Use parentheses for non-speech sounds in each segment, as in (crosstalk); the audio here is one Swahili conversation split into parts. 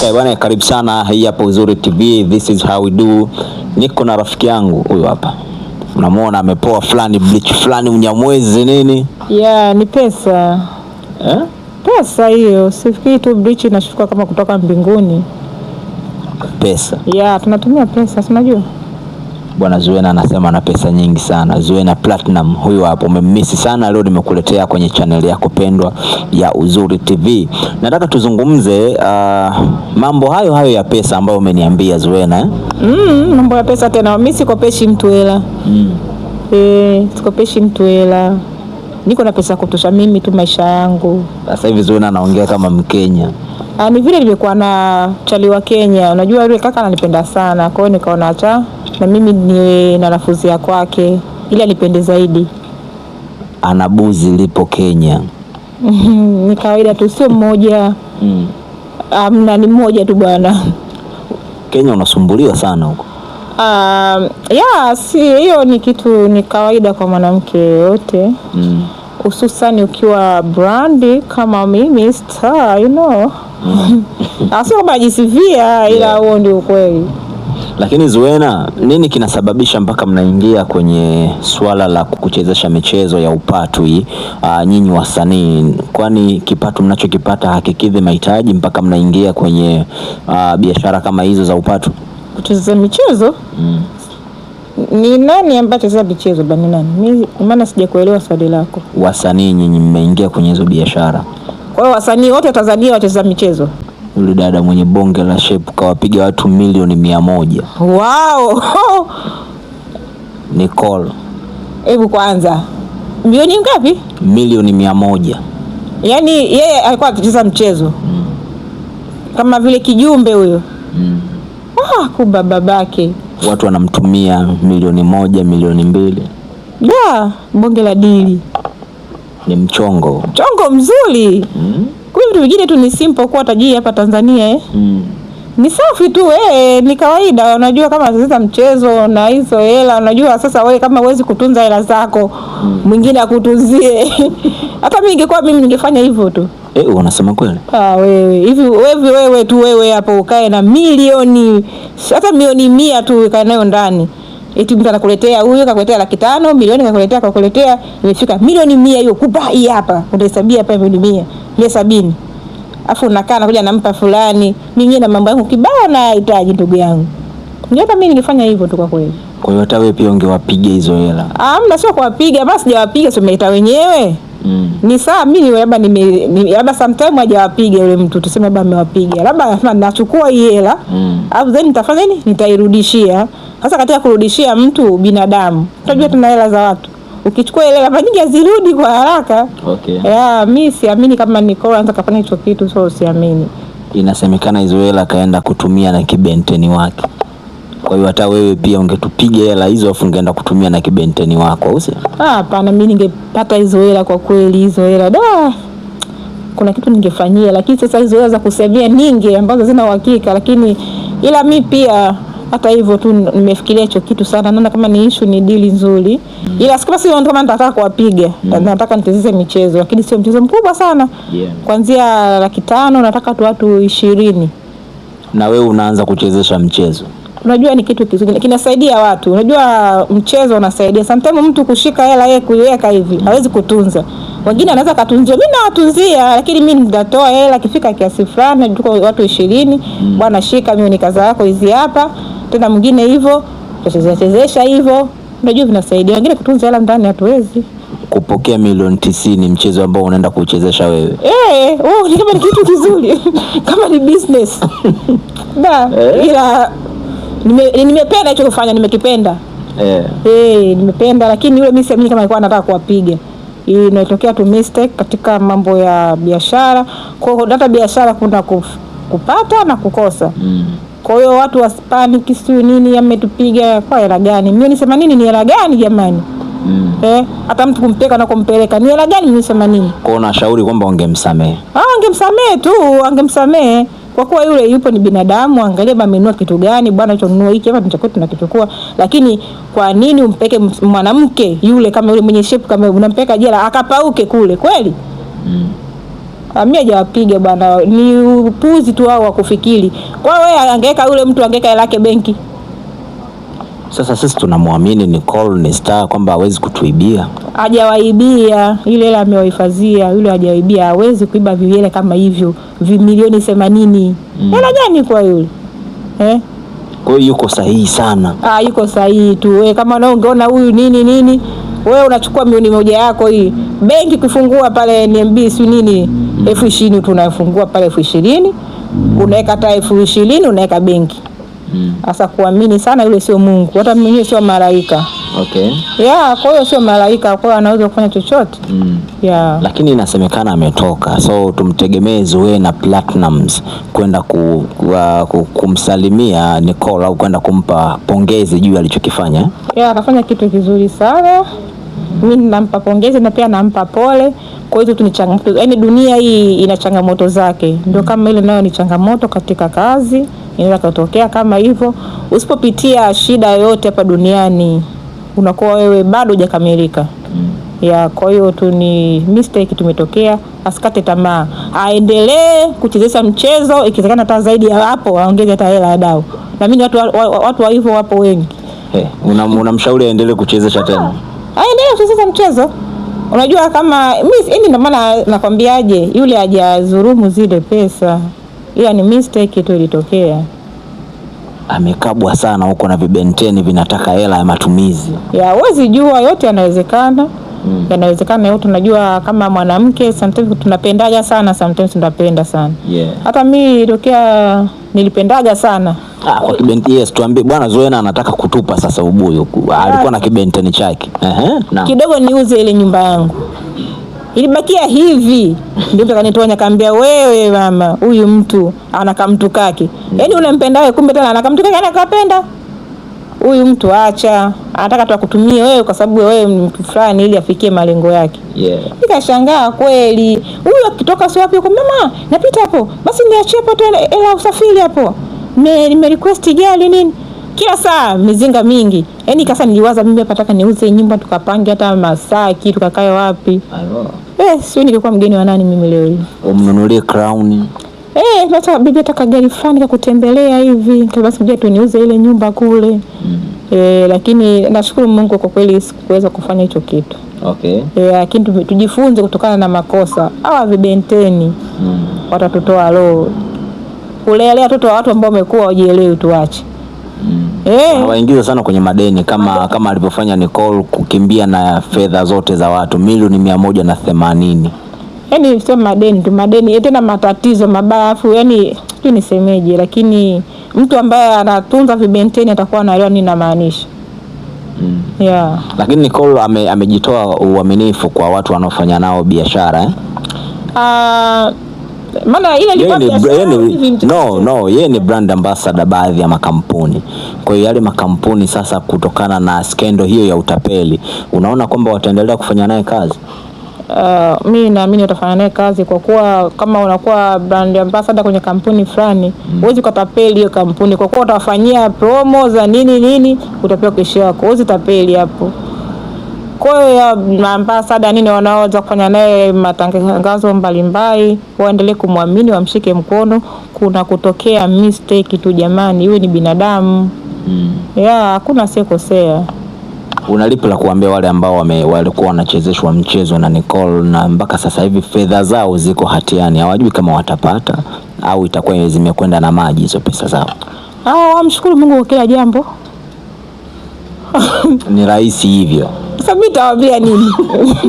Hey, bwana karibu sana. Hii hapa Uzuri TV. This is how we do. Niko na rafiki yangu huyu hapa. unamwona amepoa fulani, bleach fulani, unyamwezi nini? Yeah, ni pesa. Eh? Pesa hiyo. Sifikiri tu bleach inashuka kama kutoka mbinguni. Pesa. Yeah, tunatumia pesa, si unajua? Bwana Zuena anasema na pesa nyingi sana. Zuena Platinum huyu hapo, umemisi sana leo, nimekuletea kwenye chaneli yako pendwa ya Uzuri TV. Nataka tuzungumze uh, mambo hayo hayo ya pesa ambayo umeniambia Zuena eh? Mm, mambo ya pesa tena, mimi sikopeshi mtu hela mm. E, sikopeshi mtu hela, niko na pesa kutosha mimi tu maisha yangu. Sasa hivi Zuena anaongea kama Mkenya. Ah, ni vile nilikuwa na chali wa Kenya, unajua yule kaka ananipenda sana, kwa hiyo nikaona acha na mimi ni na ya kwake ili anipende zaidi. Ana buzi lipo Kenya. (laughs) Ni kawaida tu, sio mmoja mm. Amna, ah, ni mmoja tu bwana. Kenya unasumbuliwa sana huko? Um, ya si hiyo ni kitu ni kawaida kwa mwanamke yote mm. hususani mm. ukiwa brandi kama mimi star you know mm. asio (laughs) ah, majisivia ila huo yeah. ndio ukweli. Lakini Zuena, nini kinasababisha mpaka mnaingia kwenye swala la kuchezesha michezo ya upatu hii ah, nyinyi wasanii? Kwani kipato mnachokipata hakikidhi mahitaji mpaka mnaingia kwenye ah, biashara kama hizo za upatu? Kucheza michezo mm. Ni nani ambaye anacheza michezo bani nani? Mimi maana sijakuelewa swali lako. Wasanii nyinyi mmeingia kwenye hizo biashara, kwa hiyo wasanii wote wa Tanzania wacheza michezo yule dada mwenye bonge la shape kawapiga watu milioni mia moja. Wow. (laughs) Nicole. Hebu kwanza milioni ngapi? Milioni mia moja. Yaani yeye alikuwa akicheza mchezo mm. kama vile kijumbe huyo mm. Ah, kumba babake watu wanamtumia milioni moja milioni mbili da bonge la dili. Ni mchongo, mchongo mzuri mm vitu vingine tu ni simple kuwa tajiri hapa Tanzania eh. Mm. Ni safi tu eh, ni kawaida. Unajua kama sasa mchezo na hizo hela, unajua sasa wewe kama uwezi kutunza hela zako mm. mwingine mm. akutunzie (laughs) hata mimi ningekuwa mimi ningefanya hivyo tu. Eh, unasema kweli? Ah, wewe hivi wewe wewe tu wewe hapo ukae na milioni hata milioni mia tu ukae nayo ndani eti mtu anakuletea huyo kakuletea laki tano milioni kakuletea kakuletea imefika milioni mia hiyo kubai hapa unahesabia hapa milioni mia mia sabini afu nakaa nakuja nampa fulani. Mimi na mambo yangu kibao na hitaji ndugu yangu. Ndio mimi ningefanya hivyo tu kwa kweli. Kwa hiyo hata wewe pia ungewapiga hizo hela. Ah, mna sio kuwapiga, basi sijawapiga sio mmeita wenyewe. Mm. Ni saa mimi labda nime labda sometime hajawapiga yule mtu tuseme labda amewapiga. Labda nasema nachukua hii hela. Mm. Alafu then nitafanya nini? Nitairudishia. Sasa katika kurudishia mtu binadamu, unajua mm. tuna hela za watu ukichukua ile hapa nyingi hazirudi kwa haraka. Okay. Yeah, mimi siamini kama Nicola anaweza kafanya hicho kitu, so siamini. Inasemekana hizo hela kaenda kutumia na kibenteni wake. Kwa hiyo hata wewe pia ungetupiga hela hizo afu ungeenda kutumia na kibenteni wako au sio? hapana, mimi ningepata hizo hela kwa kweli, hizo hela da, kuna kitu ningefanyia, lakini sasa hizo hela za kusemea nyingi ambazo zina uhakika, lakini ila mi pia hata hivyo tu nimefikiria hicho kitu sana, naona kama ni issue, ni dili nzuri, mm. ila sikama si ndio, kama nitataka kuwapiga, mm. nataka nitezeze michezo, lakini sio mchezo mkubwa sana, yeah. kwanzia laki tano nataka tu watu ishirini. Na wewe unaanza kuchezesha mchezo Unajua ni kitu kizuri kinasaidia watu. Unajua mchezo unasaidia. Sometimes mtu kushika hela yeye kuiweka hivi hawezi kutunza. Wengine anaweza katunzia, mimi nawatunzia, lakini mimi nitatoa hela kifika kiasi fulani, tuko watu ishirini, mm. Bwana shika, mimi ni kaza yako hizi hapa, tena mwingine hivyo tutachezea hivyo, unajua vinasaidia. Wengine kutunza hela ndani hatuwezi kupokea milioni tisini mchezo ambao unaenda kuchezesha wewe. Eh, oh, kama ni kitu kizuri (laughs) kama ni business da, eh? ila nimependa nime hicho kufanya nimekipenda eh. Hey, eh, nimependa lakini yule mimi siamini kama alikuwa anataka kuwapiga inatokea tu mistake katika mambo ya biashara. Kwa hiyo hata biashara kuna kupata na kukosa mm. Kwa hiyo watu waspaniki siyo nini, ametupiga kwa hela gani? Mimi nisema nini, ni hela gani jamani? Mm. Eh, hata mtu kumpeka na kumpeleka ni hela gani? Nisema nini? Kwa nashauri kwamba ungemsamehe. Ah, tu, angemsamehe kwa kuwa yule yupo ni binadamu, angalia bamenunua kitu gani bwana, hicho hiki hapa tunachukua tunakichukua. Lakini kwa nini umpeke mwanamke yule kama yule mwenye shape kama unampeka jela akapauke kule kweli? Mm. Ah, mimi hajawapiga bwana, ni upuzi tu wao wa kufikiri. Kwa hiyo wewe angeweka yule mtu angeweka hela yake benki. Sasa sisi tunamwamini Nicole ni star kwamba hawezi kutuibia. Hajawaibia ile hela, amewahifadhia yule, hajawaibia. Hawezi kuiba vile kama hivyo vimilioni themanini mm. hela gani kwa yule eh? Kwa hiyo yuko sahihi sana. Ah, yuko sahihi tu. Wewe kama na huyu nini nini wewe unachukua milioni moja yako hii benki kufungua pale NMB si nini elfu ishirini tunafungua pale elfu ishirini unaweka hata elfu ishirini unaweka benki sasa kuamini sana yule sio Mungu, hata mwenyewe sio malaika. Okay. Yeah, kwa hiyo sio malaika, kwa hiyo anaweza kufanya chochote. Mm. Yeah. Lakini inasemekana ametoka, so tumtegemee Zuwe na Platinums kwenda ku, ku, ku, kumsalimia Nicole au kwenda kumpa pongezi juu alichokifanya. Yeah, atafanya kitu kizuri sana mimi nampa pongezi na pia nampa pole. Kwa hizo tu ni changamoto, yaani dunia hii ina changamoto zake, ndio kama ile nayo ni changamoto katika kazi, inaweza kutokea kama hivyo. Usipopitia shida yoyote hapa duniani unakuwa wewe bado hujakamilika. Ya, kwa hiyo tu ni mistake tumetokea, asikate tamaa, aendelee kuchezesha mchezo, ikiwezekana hata zaidi ya hapo, aongeze hata hela ya dau. Naamini watu wa, wa, watu wa hivyo wapo wengi. Hey, eh, unamshauri una aendelee kuchezesha tena sasa yaani mchezo unajua kama mimi, ndio maana nakwambiaje, yule hajadhulumu zile pesa, ila ni mistake tu ilitokea. Amekabwa sana huko na vibenteni vinataka hela ya matumizi ya, huwezi jua, yote yanawezekana Hmm. Yanawezekana yote. Unajua, kama mwanamke sometimes tunapendaga sana, sometimes tunapenda sana yeah. Hata mi tokea nilipendaga sana Ah, kwa kibenti yes, tuambie bwana Zoena anataka kutupa sasa ubuyu. Alikuwa na ah. kibenteni chake. uh -huh. kidogo niuze ile nyumba yangu ilibakia hivi, ndio mtu akanitonya, kaambia wewe mama, huyu mtu ana kamtu kake, hmm. yaani ule mpendawe, kumbe tena ana kamtu kake, yaani anakapenda huyu mtu, acha, anataka tu akutumie wewe kwa sababu wewe ni mtu fulani, ili afikie malengo yake. Yeah. Nikashangaa kweli, huyu akitoka si wapi huko, mama, napita hapo, basi niachie hapo tu hela usafiri hapo nimerequest gari nini, kila saa mizinga mingi. Yaani kasa niliwaza mimi hapa nataka niuze nyumba tukapange hata masaa kitu wapi. Eh, sio nilikuwa mgeni wa nani mimi leo hii. Umnunulie crown. Eh, hata bibi ataka gari fulani ya kutembelea hivi. Kwa basi ngoja tu niuze ile nyumba kule. Mm. Eh, lakini nashukuru Mungu kwa kweli sikuweza kufanya hicho kitu. Okay. Eh, lakini tujifunze kutokana na makosa. Hawa vibenteni. Mm. Watatutoa roho kulelea watoto wa watu ambao wamekuwa wajielewi, tuache mm. Hey. Eh? sana kwenye madeni kama kama alivyofanya Nicole kukimbia na fedha zote za watu milioni mia moja na themanini yaani sio madeni tu madeni eh, tena matatizo mabaya afu yani tu nisemeje, lakini mtu ambaye anatunza vibenteni atakuwa anaelewa nini namaanisha. Mm. Yeah. Lakini Nicole ame, amejitoa uaminifu kwa watu wanaofanya nao biashara eh? Uh, maana ile ilikuwa no no, yeye ni brand ambassador baadhi ya makampuni. Kwa hiyo yale makampuni sasa, kutokana na skendo hiyo ya utapeli, unaona kwamba wataendelea kufanya naye kazi? Uh, mi naamini utafanya naye kazi kwa kuwa kama unakuwa brand ambassador kwenye kampuni fulani, mm. huwezi ukatapeli hiyo kampuni kwa kuwa utawafanyia promo za nini nini, utapewa kesho yako. Huwezi tapeli hapo. Kwa hiyo ambasada nini wanaoweza kufanya naye matangazo mbalimbali, waendelee kumwamini, wamshike mkono. Kuna kutokea mistake tu jamani, iwe ni binadamu mm. ya hakuna asiyekosea. Una lipi la kuambia wale ambao wame, walikuwa wanachezeshwa mchezo na Nicole na mpaka sasa hivi fedha zao ziko hatiani, hawajui kama watapata au itakuwa zimekwenda na maji hizo pesa zao? Ah, wamshukuru Mungu kwa kila jambo (laughs) ni rahisi hivyo sasa mimi tawaambia nini?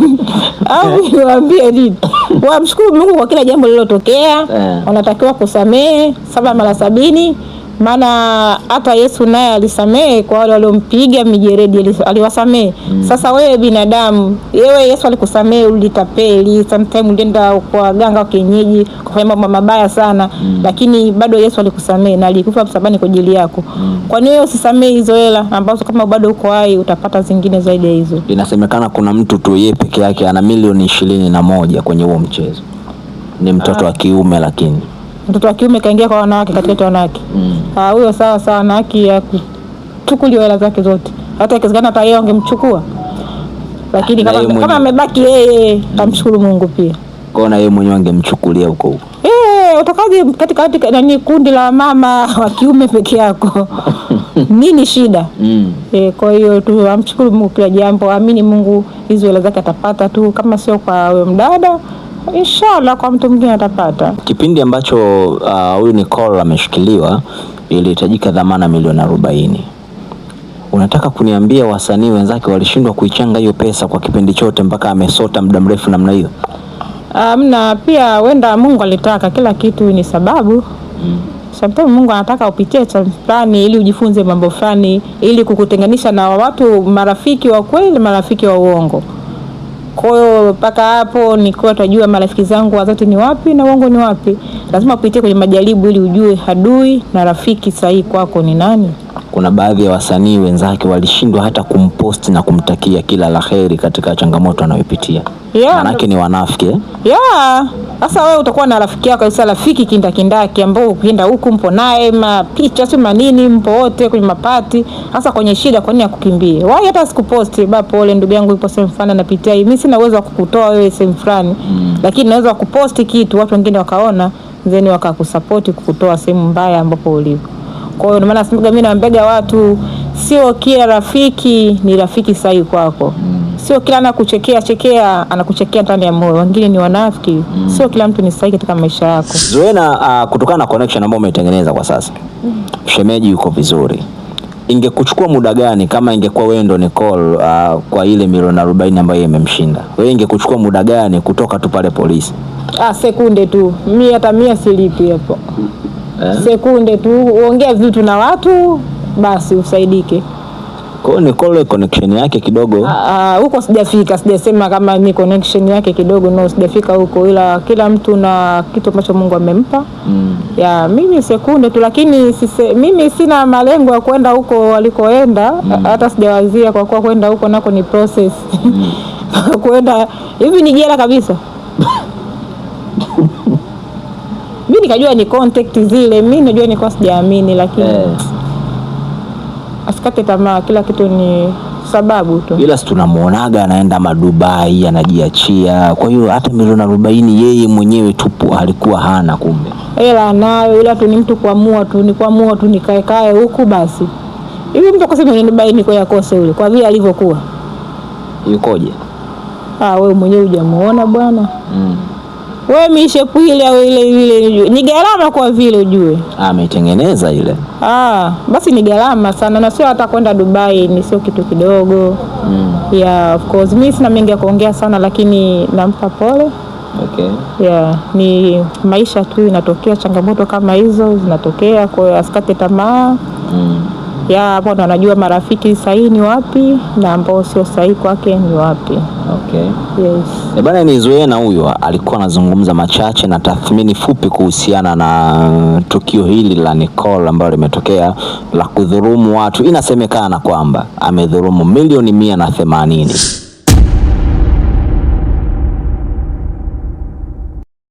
(laughs) Au niwaambie nini? Wamshukuru Mungu kwa kila jambo lililotokea, eh. wanatakiwa kusamehe saba mara sabini maana hata Yesu naye alisamehe kwa wale waliompiga mijeredi, aliwasamehe mm. Sasa wewe binadamu, wewe Yesu alikusamehe, ulitapeli, sometimes ulienda kwa ganga wa kienyeji kufanya mambo mabaya sana mm. Lakini bado Yesu alikusamehe na alikufa msalabani kwa ajili yako mm. Kwa nini usisamehe hizo hela ambazo kama bado uko hai utapata zingine zaidi ya hizo? Inasemekana kuna mtu tu yeye peke yake ana milioni ishirini na moja kwenye huo mchezo, ni mtoto ah. wa kiume lakini mtoto wa kiume kaingia kwa wanawake katikati mm. wanawake mm. Ah, huyo, sawa sawa, na haki ya kuchukuliwa hela zake zote, hata ikiwezekana hata yeye angemchukua, lakini kama kama amebaki yeye, mm. amshukuru Mungu pia kwa na yeye mwenyewe angemchukulia huko huko. Eh, eh utakaje katika nani kundi la mama wa kiume peke yako (laughs) nini shida? Mm. E, kwa hiyo tu amshukuru Mungu kila jambo, amini Mungu hizo hela zake atapata tu, kama sio kwa huyo mdada Inshallah, kwa mtu mwingine atapata. Kipindi ambacho uh, huyu uh, Nicole ameshikiliwa ilihitajika dhamana milioni arobaini. Unataka kuniambia wasanii wenzake walishindwa kuichanga hiyo pesa kwa kipindi chote mpaka amesota muda mrefu namna hiyo? Amna. Um, pia wenda Mungu alitaka kila kitu ni sababu mm. Sometimes Mungu anataka upitie challenge fulani ili ujifunze mambo fulani ili kukutenganisha na watu marafiki wa kweli, marafiki wa uongo. Kwa hiyo mpaka hapo nikiwa tajua marafiki zangu wa dhati ni wapi na uongo ni wapi. Lazima upitie kwenye majaribu ili ujue adui na rafiki sahihi kwako ni nani kuna baadhi ya wasanii wenzake walishindwa hata kumpost na kumtakia kila laheri katika changamoto anayopitia. Yeah, manake ni wanafiki. Eh? Yeah. Sasa wewe utakuwa na rafiki yako kabisa, rafiki kindakindaki, ambao ukienda huku mpo naye, mapicha si manini, mpo wote kwenye mapati, hasa kwenye shida. Kwa nini akukimbie? Wao hata sikuposti ba, pole ndugu yangu, ipo sehemu fulani napitia hii, mimi sina uwezo wa kukutoa wewe sehemu fulani mm, lakini naweza kuposti kitu, watu wengine wakaona, then wakakusupport kukutoa sehemu mbaya ambapo ulipo. Kwa hiyo ndio maana nasemaga mimi naambiaga watu sio kila rafiki ni rafiki sahihi kwako. Mm. Sio kila anakuchekea chekea anakuchekea ndani ya moyo, wengine ni wanafiki. Mm. Sio kila mtu ni sahihi katika maisha yako. Zuena, uh, ah, kutokana na connection ambayo umetengeneza kwa sasa, mm. shemeji yuko vizuri, ingekuchukua muda gani kama ingekuwa wewe ndo Nicole, uh, kwa ile milioni arobaini ambayo imemshinda wewe, ingekuchukua muda gani kutoka tu pale polisi? Ah, sekunde tu, mimi hata mia silipi hapo eh? Sekunde tu uongea vitu na watu basi usaidike. Kwa ni kole connection yake kidogo ah, ah, huko, sijafika. Sijasema kama ni connection yake kidogo, no, sijafika huko, ila kila mtu na kitu ambacho Mungu amempa. mm. ya mimi sekunde tu, lakini sise, mimi sina malengo ya kwenda huko walikoenda. mm. hata sijawazia, kwa kuwa kwenda huko nako ni process mm. (laughs) kwenda hivi ni jela kabisa (laughs) mimi nikajua ni contact zile, mimi najua nilikuwa sijaamini, lakini eh, asikate tamaa, kila kitu ni sababu tu, ila si tunamuonaga anaenda madubai anajiachia. Kwa hiyo hata milioni arobaini yeye mwenyewe tupu alikuwa hana, kumbe hela nayo, ila tu ni mtu kuamua tu, ni kuamua tu, nikaekae huku basi hivi. Mtu akose milioni arobaini kwa yakose yule, kwa vile alivyokuwa yukoje? Ah, wewe mwenyewe hujamuona bwana mm wewe mishepu ile au ile ile ni gharama kwa vile ujue ah, ametengeneza ile. Ah, basi ni gharama sana na sio hata kwenda Dubai ni sio kitu kidogo. Mm. Yeah, of course mimi sina mengi ya kuongea sana lakini nampa pole. Okay. Yeah, ni maisha tu, inatokea changamoto kama hizo zinatokea, kwa hiyo asikate tamaa. Mm ya hapo ndo anajua marafiki sahihi ni wapi na ambao sio sahihi kwake ni wapi. Okay. Yes. Eh, bwana nizoea na huyo alikuwa anazungumza machache na tathmini fupi kuhusiana na uh, tukio hili la Nicole ambalo limetokea la kudhurumu watu. Inasemekana kwamba amedhurumu milioni mia na themanini.